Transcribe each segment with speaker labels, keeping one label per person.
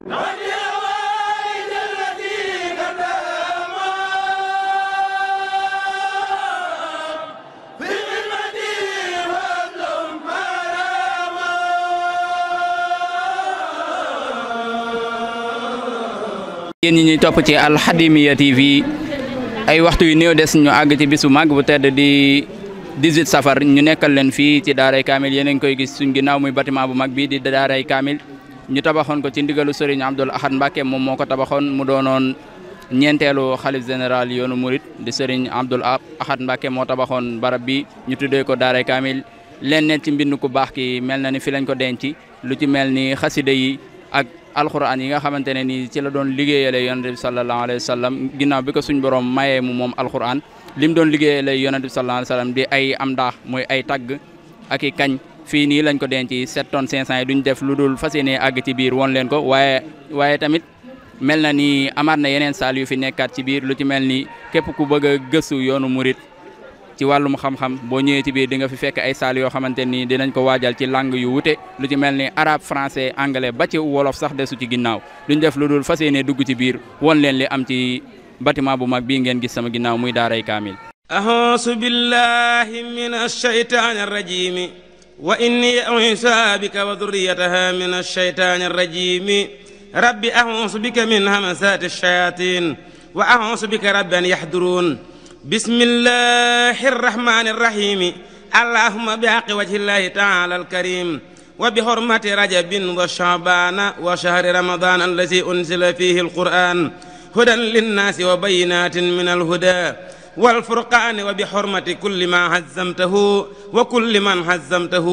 Speaker 1: yéen ñi ñuy topp ci alxadimiya tv ay waxtu yu néew des ñu àgg ci bisu màgg bu tedd di 18 safar ñu nekkal leen fii ci daaray kaamil yéen a ngi koy gis suñ ginnaaw muy bâtiment bu mag bii di daaray kaamil ñu tabaxoon ko ci ndigalu Serigne Abdoul Ahad mbake moom moo ko tabaxoon mu doonoon ñeenteelu xalif général yoonu murit di Serigne Abdoul Ahad Mbacke moo tabaxoon barab bi ñu tuddee ko Daaray Kamil leen ci mbind ku baax ki mel na ni fi lañ ko denc lu ci mel ni xasida yi ak alxuraan yi nga xamante ne nii ci la doon liggéeyale yonent bi sallallahu alayhi wa ginnaaw bi ko suñ borom mayee mu moom alxuraan lim doon liggéeyale yonent bi sallallahu alayhi wa sallam ay am ndaax mooy ay tagg ak fii nii lañ ko denc 7 tonnes 500 yi duñ def lu dul fas yéenee àgg ci biir woon leen ko waaye tamit mel na ni amaat na yeneen saal yu fi nekkaat ci biir lu ci mel ni képp ku bëgg a gëstu yoonu murit ci wàllum xam-xam boo ñëwee ci biir di nga fi fekk ay saal yoo xamante ni dinañ ko waajal ci làng yu wute lu ci mel ni arabe français anglais ba ci wolof sax desu ci ginnaaw duñ def lu dul fas yéenee dugg ci biir woon leen li am ci bâtiment bu mag bii ngeen gis sama ginnaaw muy daaray kaamil.
Speaker 2: ahoosu وإني أعيسى بك وذريتها من الشيطان الرجيم ربي أعوذ بك من همسات الشياطين وأعوذ بك رب أن يحضرون بسم الله الرحمن الرحيم اللهم بحق وجه الله تعالى الكريم وبحرمة رجب وشعبان وشهر رمضان الذي أنزل فيه القرآن هدى للناس وبينات من الهدى والفرقان وبحرمة كل ما هزمته وكل من هزمته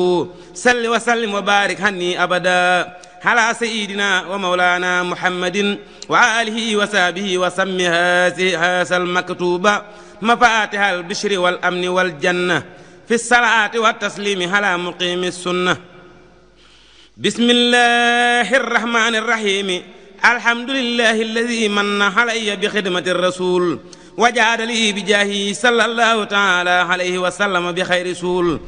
Speaker 2: سل وسلم وبارك هني أبدا على سيدنا ومولانا محمد وآله وصحبه وسم هذه المكتوبة مفاتح البشر والأمن والجنة في الصلاة والتسليم على مقيم السنة بسم الله الرحمن الرحيم الحمد لله الذي من علي بخدمة الرسول وجعل لي بجاهه صلى الله تعالى عليه وسلم بخير رسول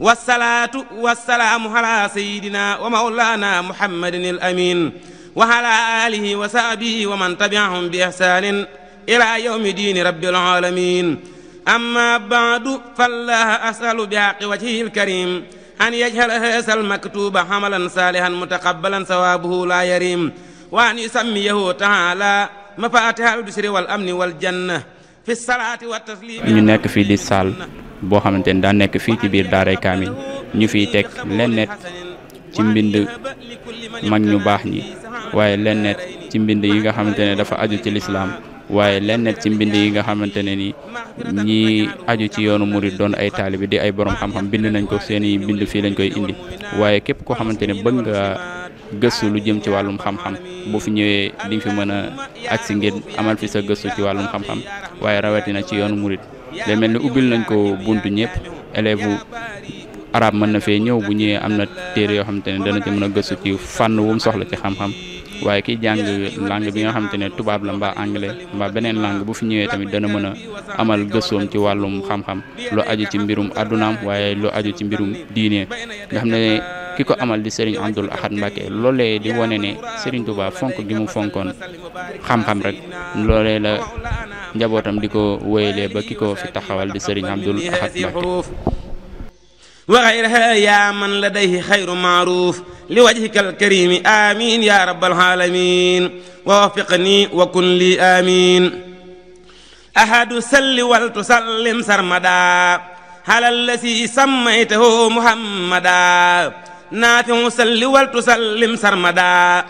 Speaker 2: والصلاة والسلام على سيدنا ومولانا محمد الأمين وعلى آله وصحبه ومن تبعهم بإحسان إلى يوم دين رب العالمين أما بعد فالله أسأل بحق وجهه الكريم أن يجعل هذا المكتوب حملا صالحا متقبلا ثوابه لا يريم وأن يسميه تعالى مفاتح البشر والأمن والجنة
Speaker 1: ñu nekk fii di salle boo xamante ni daa nekk fii ci biir daaray kaamil ñu fiy teg lenneet ci mbind mag ñu baax ñi waaye lennet ci mbind yi nga xamante ne dafa aju ci lislaam waaye lennet ci mbind yi nga xamante ne ni ñi aju ci yoonu murit doon ay taalibi di ay borom xam-xam bind nañ ko seeni mbind fii lañ koy indi waaye képp koo xamante ne bëgg nga gëstu lu jëm ci wàllum xam-xam boo fi ñëwee di fi mën a agsi ngir amal fi sa gëstu ci wàllum xam-xam waaye rawatina ci yoonu murit day mel ni ubbil nañ ko buntu ñëpp élève arab mën na fee ñëw bu ñëwee am na téere yoo xamante ne dana ci mën a gëstu ci fànn wu mu soxla ci xam-xam waaye kiy jàng langue bi nga xamante ne tubaab la mbaa anglais mbaa beneen langue bu fi ñëwee tamit dana mën a amal gëstoom ci wàllum xam-xam lu aju ci mbirum addunaam waaye lu aju ci mbirum diine ki ko amal di Serigne Abdoul Ahad Mbacké loolee di wane ne Serigne Touba fonk gi fonkoon xam-xam rek loolee la njabootam di ko wéyalee ba ki ko fi taxawal di Serigne Abdoul Ahad
Speaker 2: Mbacké وغيرها يا من لديه خير معروف لوجهك الكريم آمين يا رب العالمين ووفقني وكن لي آمين أحد سل ولتسلم سرمدا على الذي سميته محمدا نافع سل ولتسلم سرمدا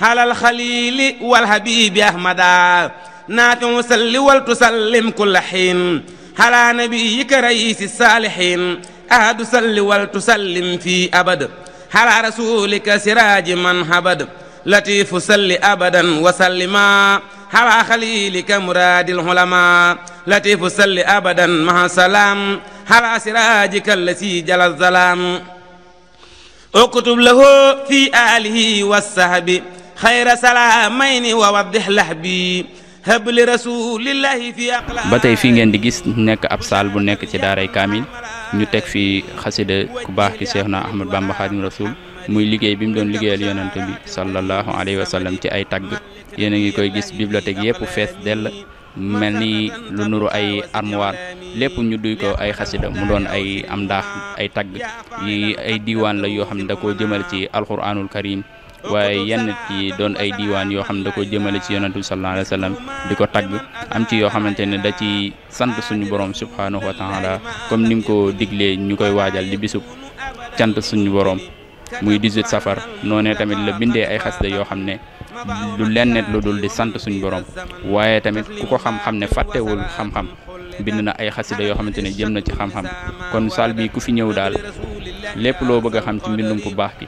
Speaker 2: على الخليل والحبيب أحمدا نافع سل ولتسلم كل حين على نبيك رئيس الصالحين أهد سل ولتسلم في أبد على رسولك سراج من هبد لطيف سل أبدا وسلما على خليلك مراد العلماء لطيف سل أبدا مع سلام على سراجك الذي جل الظلام اكتب له في آله والصحب خير سلامين ووضح لحبي hab li rasulillahi fi aqla
Speaker 1: ba tey fii ngeen di gis nekk ab saal bu nekk ci daaray kaamil ñu teg fi xasida ku baax ki Seexna Ahmad Bamba Xaadim Rasul muy liggéey bi mu doon liggéeyal yonante bi sallallahu alayhi wa sallam ci ay tagg yéen a ngi koy gis bibliothèque yëpp fees dell mel ni lu nuru ay armoire lépp ñu duy ko ay xasida mu doon ay am ndaax ay tagg yi ay diiwaan la yoo xam ne da koo jëmale ci alquranul karim waaye yenn yi doon ay diiwaan yoo xam ne da jëmale ci yonent bi sallallahu alayhi wa sallam di ko tagg am ci yoo xamante ne da ci sant suñu borom subhanahu wa taala comme ni mu ko diglee ñu koy waajal di bisub cant suñu borom muy 18 safar noonee tamit la bindee ay xasida yoo xam ne du lenn lu dul di sant suñu borom waaye tamit ku ko xam-xam ne fàttewul xam-xam bind na ay xasida yoo xamante ne jëm na ci xam-xam kon saal bi ku fi ñëw daal lépp loo bëgg a xam ci mbindum ku baax bi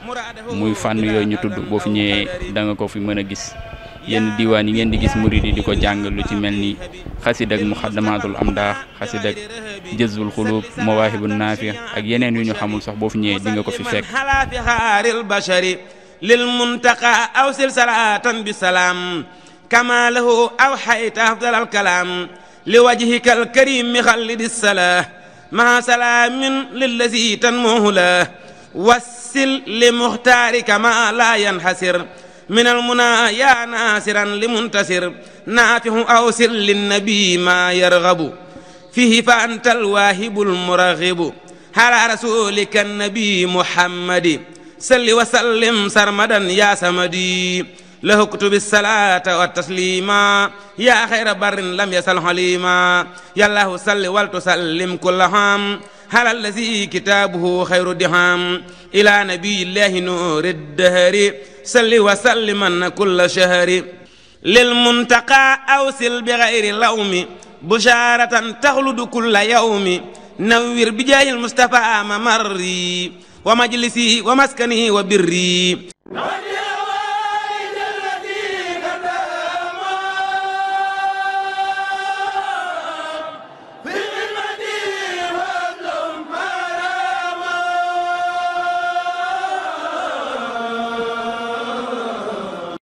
Speaker 1: muy fànn yooyu ñu tudd boo fi ñëwee da nga ko fi mën a gis yenn diwaan yi ngeen di gis murid yi di ko jàng lu ci mel ni xasida ak muxaddamaatul amdaax xasida ak jëzbul xuluub mawaahibu naafia ak yeneen yu ñu xamul sax boo fi ñëwee di nga ko fi fekk
Speaker 2: للمنتقى أوصل صلاة بسلام كما له أوحيت أفضل الكلام لوجهك الكريم خلد الصلاة مع سلام للذي تنموه له وسل لمختارك ما لا ينحسر من المنى يا ناصرا لمنتصر نافع أوصل للنبي ما يرغب فيه فأنت الواهب المرغب على رسولك النبي محمد سل وسلم سرمدا يا سمدي له اكتب الصلاة والتسليما يا خير بر لم يسل حليما يا الله سل والتسلم كل هل على الذي كتابه خير الدهام إلى نبي الله نور الدهر سل وسلم كل شهر للمنتقى أوسل بغير لوم بشارة تخلد كل يوم نوير بجاه المصطفى ممري wa majlisi wa maskanihi wa birri